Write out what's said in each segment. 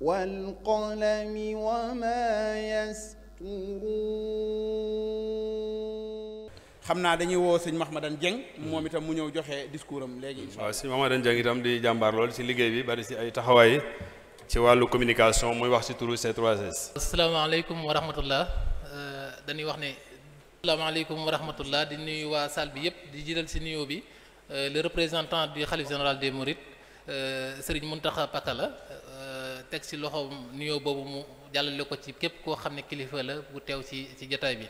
waa وما يسطرون xam naa dañuy woo sëñ Mahmadan Dieng moom itam mu ñëw joxe discours am léegi incha allah waaw sëñ di jàmbaar lool ci liggéey bi bari ci ay taxawaay ci wàllu communication muy wax ci turu C3S. asalaamaaleykum wa rahmatullah euh, dañuy wax ne. asalaamaaleykum wa rahmatullah di nuyu waa salle bi yëpp di jiital ci nuyoo bi euh, le représentant du khalife général des Mourides euh, Serigne Mountakha Pakala teg ci loxo nuyoo boobu mu jàllale ko ci képp koo xam ne kilifa la bu teew ci ci jotaay bi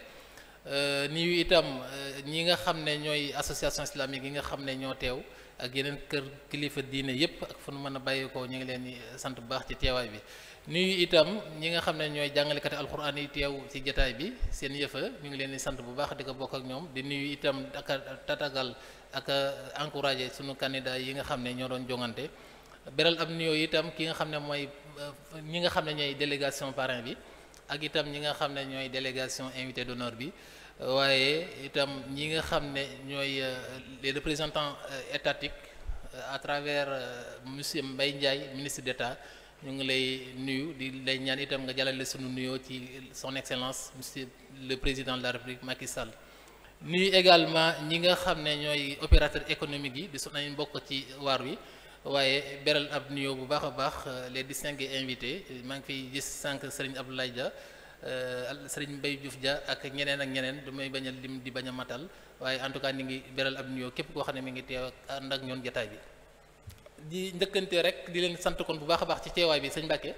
euh, nuyu itam euh, ñi nga xam ne ñooy association islamique yi nga xam ne ñoo teew ak yeneen kër kilifa diine yépp ak fu nu mën a bàyyeekoo ñu ngi leen di sant bu baax ci teewaay bi nuyu itam ñi nga xam ne ñooy jàngalekati alxuraan yi teew ci jotaay bi seen yëfa ñu ngi leen di sant bu baax di ko bokk ak ñoom di nuyu itam ak a tatagal ak a encouragé sunu yi nga xam ne ñoo doon jongante beral ab nuyoo itam ki nga xam ne mooy ñi nga xam ne ñooy délégation parrain bi ak itam ñi nga xam ne ñooy délégation invité d'honneur bi waaye itam ñi nga xam ne ñooy euh, les représentants euh, étatiques euh, à travers mbay Mbaye Ndiaye ministre d'État ñu ngi lay nuyu di lay ñaan itam nga jàllale sunu nuyoo ci son excellence monsieur le président de la république Macky Sall nuyu également ñi nga xam ne ñooy opérateur économique yi di suñu mbokk ci waar wi waaye beral ab nuyoo bu baax a baax euh, les distingués invité maa ngi fiy gis sànq sëriñ Abdoulaye Dia euh, sëriñ mbay juuf ja ak ñeneen ak ñeneen du may bañ a lim di bañ a matal waaye en tout cas ñu ngi beral ab nio képp koo xam ne mi ngi teew ak ànd ak ñoon jotaay bi. di njëkkante rek di leen sant kon bu baax a baax ci teewaay bi sañ Mbacke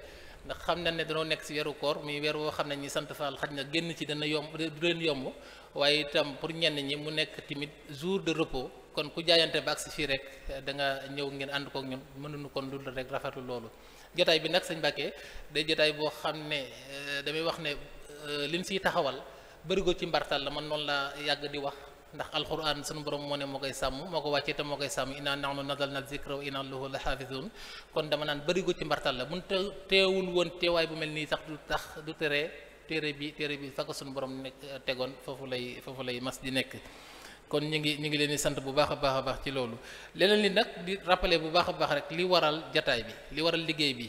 ndax xam na ne danoo nekk si weeru koor muy weer woo xam ne ñi sant faal xaj na génn ci dana yomb du leen yomb waaye itam pour ñenn ñi mu nekk tamit jour de repos. kon ku jaayante ba si fii rek eh, danga nga ñëw ngeen ànd kook ñun mënuñu kon lu rek rafetu loolu jotaay bi nag sëñ Mbàkke day jotaay boo xam ne eh, damay wax ne eh, liñ siy taxawal bëri ko ci mbartal la man noonu la yàgg di wax ndax alquran sunu borom moo ne moo koy sàmm moo ko wàccee te moo koy sàmm inaa nahnu nazalna zikra wa inaa lahu la xaafizuun kon dama naan bëri ko ci mbartaal la mun te teewul woon teewaay bu mel nii sax du tax du tere téere bi téere bi fa ko sunu borom nekk tegoon foofu lay foofu lay mas di nekk kon ñu ngi ñu ngi leen di sant bu baax a baax a baax ci loolu leneen li nag di rappeler bu baax a baax rek li waral jataay bi li waral liggéey bi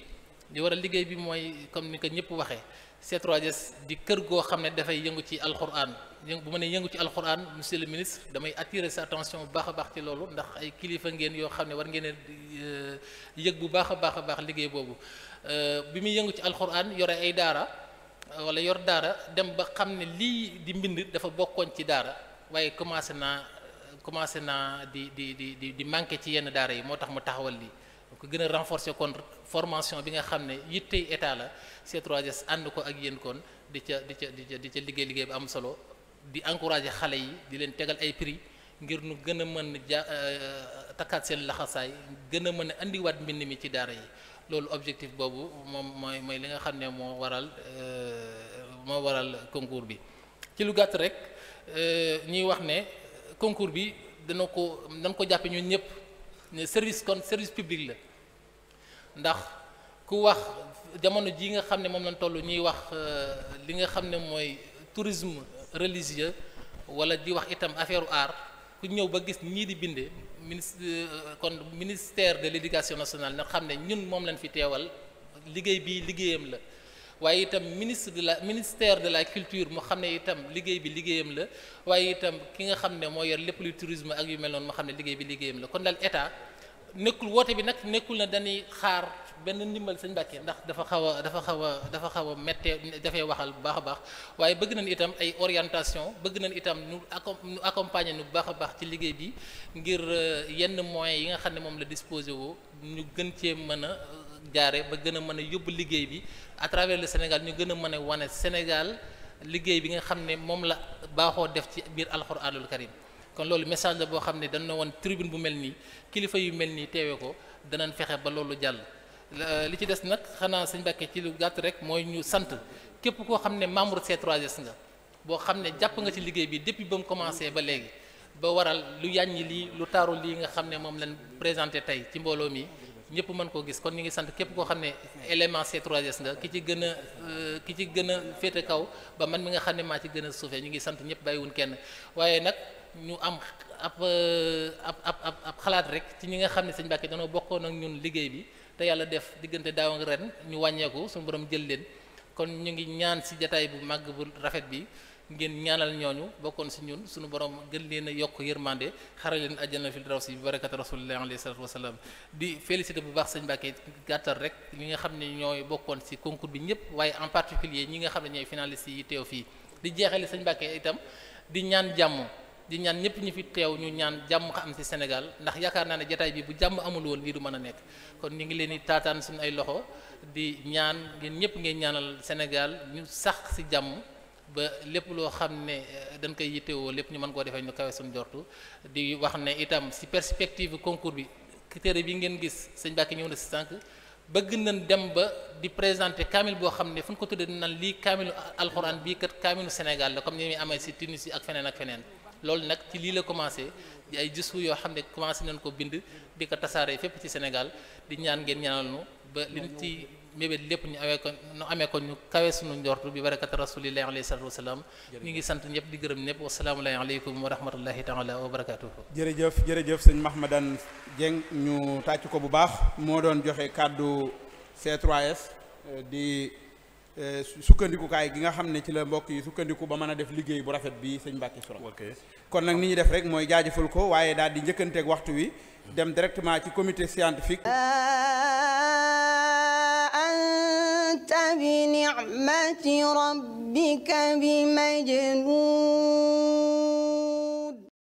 li waral liggéey bi mooy comme ni ko ñëpp waxee C3S di kër goo xam ne dafay yëngu ci alxuraan bu ma ne yëngu ci alxuraan monsieur le ministre damay attirer sa bu baax baax ci loolu ndax ay kilifa ngeen yoo xam ne war ngeen euh, yëg bu baax a baax a baax liggéey boobu euh, bi muy yëngu ci alxuraan yore ay daara wala yor daara dem ba xam ne lii di mbind dafa bokkoon ci daara. waaye commencé naa commencé naa di di di di di manqué ci yenn daara yi moo tax mu taxawal lii ko gën a renforcer kon formation bi nga xam ne yittey état la c 3 ànd ko ak yéen kon di ca di ca di ca di ca liggéey liggéey bu am solo di encourager xale yi di leen tegal ay prix ngir nu gën a mën ja euh, takkaat seen laxasaay gën a mën a indiwaat mbind mi ci daara yi loolu objectif boobu moom mooy mooy li nga xam ne moo waral euh, moo waral concours bi ci lu gàtt rek. Euh, ñuy wax ne concours bi dana ko dañ ko jàppe ñun ñëpp ne service kon service public la ndax ku wax jamono ji nga xam ne moom lañ toll ñuy wax euh, li nga xam ne mooy tourisme religieux wala di wax itam affaire art ku ñëw ba gis ñii di bindee ministre euh, kon ministère de l'éducation nationale na xam ne ñun moom lañ fi teewal liggéey bi liggéeyam la waaye itam ministre de la ministère de la culture moo xam ne itam liggéey bi liggéeyam la waaye itam ki nga xam ne moo lépp luy tourisme ak yu mel noonu xam ne liggéey bi liggéeyam la kon daal état nekkul woote bi nag nekkul na dañuy xaar benn ndimbal sañ Mbàkke ndax dafa xaw a dafa xaw a dafa xaw a méttee dafay waxal bu baax a baax waaye bëgg nañ itam ay orientation bëgg nañ itam nu nu accompagner bu baax a baax ci liggéey bi ngir euh, yenn moyens yi nga xam ne moom la disposé woo ñu gën cee mën a jaare ba gën a mën a yóbbu liggéey bi à travers le Sénégal ñu gën a mën a wane Sénégal liggéey bi nga xam ne moom la baaxoo def ci biir alxuraanul karim kon loolu message boo xam ne dañu woon tribune bu mel nii kilifa yu mel nii teewe ko danañ fexe ba loolu jàll li ci des nag xanaa sëñ Mbàkke ci lu gàtt rek mooy ñu sant képp koo xam ne membre C3S nga boo xam ne jàpp nga ci liggéey bi depuis ba mu commencé ba léegi ba waral lu yàññi lii lu taaru nga xam ne moom lañ présenté tey ci mbooloo mi ñëpp mën koo gis kon ñu ngi sant képp koo xam ne élément C3S nga ki ci gën a euh, ki ci gën a féete kaw ba man mi nga xam ne maa ci gën a suufee ñu ngi sant ñëpp bàyyiwun kenn waaye nag ñu am euh, ab ab ab ab xalaat rek ci ñi nga xam ne sëñ Mbàkke danoo bokkoon ak ñun liggéey bi te yàlla def diggante daaw nga ren ñu wàññeeku suñu borom jël leen kon ñu ngi ñaan si jataay bu màgg bu rafet bi ngeen ñaanal ñooñu bokkoon si ñun suñu borom gën leen a yokk yërmande xaral leen àjjana fi daw si bi barakatu rasulillahi alayhi salatu wasalaam di félicité bu si concours bi ñëpp waaye en particulier ñi nga xam ne ñooy finaliste di ñaan jàmm ñu fi teew ñu ñaan jàmm am ci Sénégal ndax yaakaar naa ne jataay bi bu jàmm amul woon lii du mën a nekk kon ñu ngi leen di taataan suñu ay loxo di ñaan ngeen ñëpp ngeen ñaanal Sénégal ñu sax ci jàmm ba lépp loo xam ne euh, dañ koy yittewoo lépp ñu mën koo defee ñu kawe suñu jortu di wax ne itam si perspective concours bi critère bi ngeen gis sëñ Bakki ñëw na si sànq bëgg nañ ba di présenter kaamil boo xam ne fu ñu ko tuddee nan lii kaamilu alxuraan bii kat kaamilu Sénégal la comme ni muy feneen ak feneen loolu nag ci lii la commencé yoo xam ne commencé nañ ko bind di ko tasaaree fépp ci Sénégal di ñaan ngeen ñaanal ñu ba liñ ci mébét lépp ñu amee ko ñu amee ko ñu kawe sunu njortu bi barakati rasulillahi alayhi salatu wasalaam ñu ngi sant ñëpp di gërëm ñëpp wasalaamu aleykum wa rahmatullahi taala wa barakatuhu jërëjëf jërëjëf sëñ Mahmadan Dieng ñu tàcc ko bu baax moo doon joxe kàddu C3S euh, di euh, sukkandikukaay gi nga xam ne ci la mbokk yi sukkandiku ba mën a def liggéey bu rafet bi sëñ Mbàkke Sourang kon nag ni ñuy def rek mooy jaajëfal ko waaye daal di njëkkanteek waxtu wi hmm. dem directement ci comité scientifique euh, بنعمة ربك بمجنون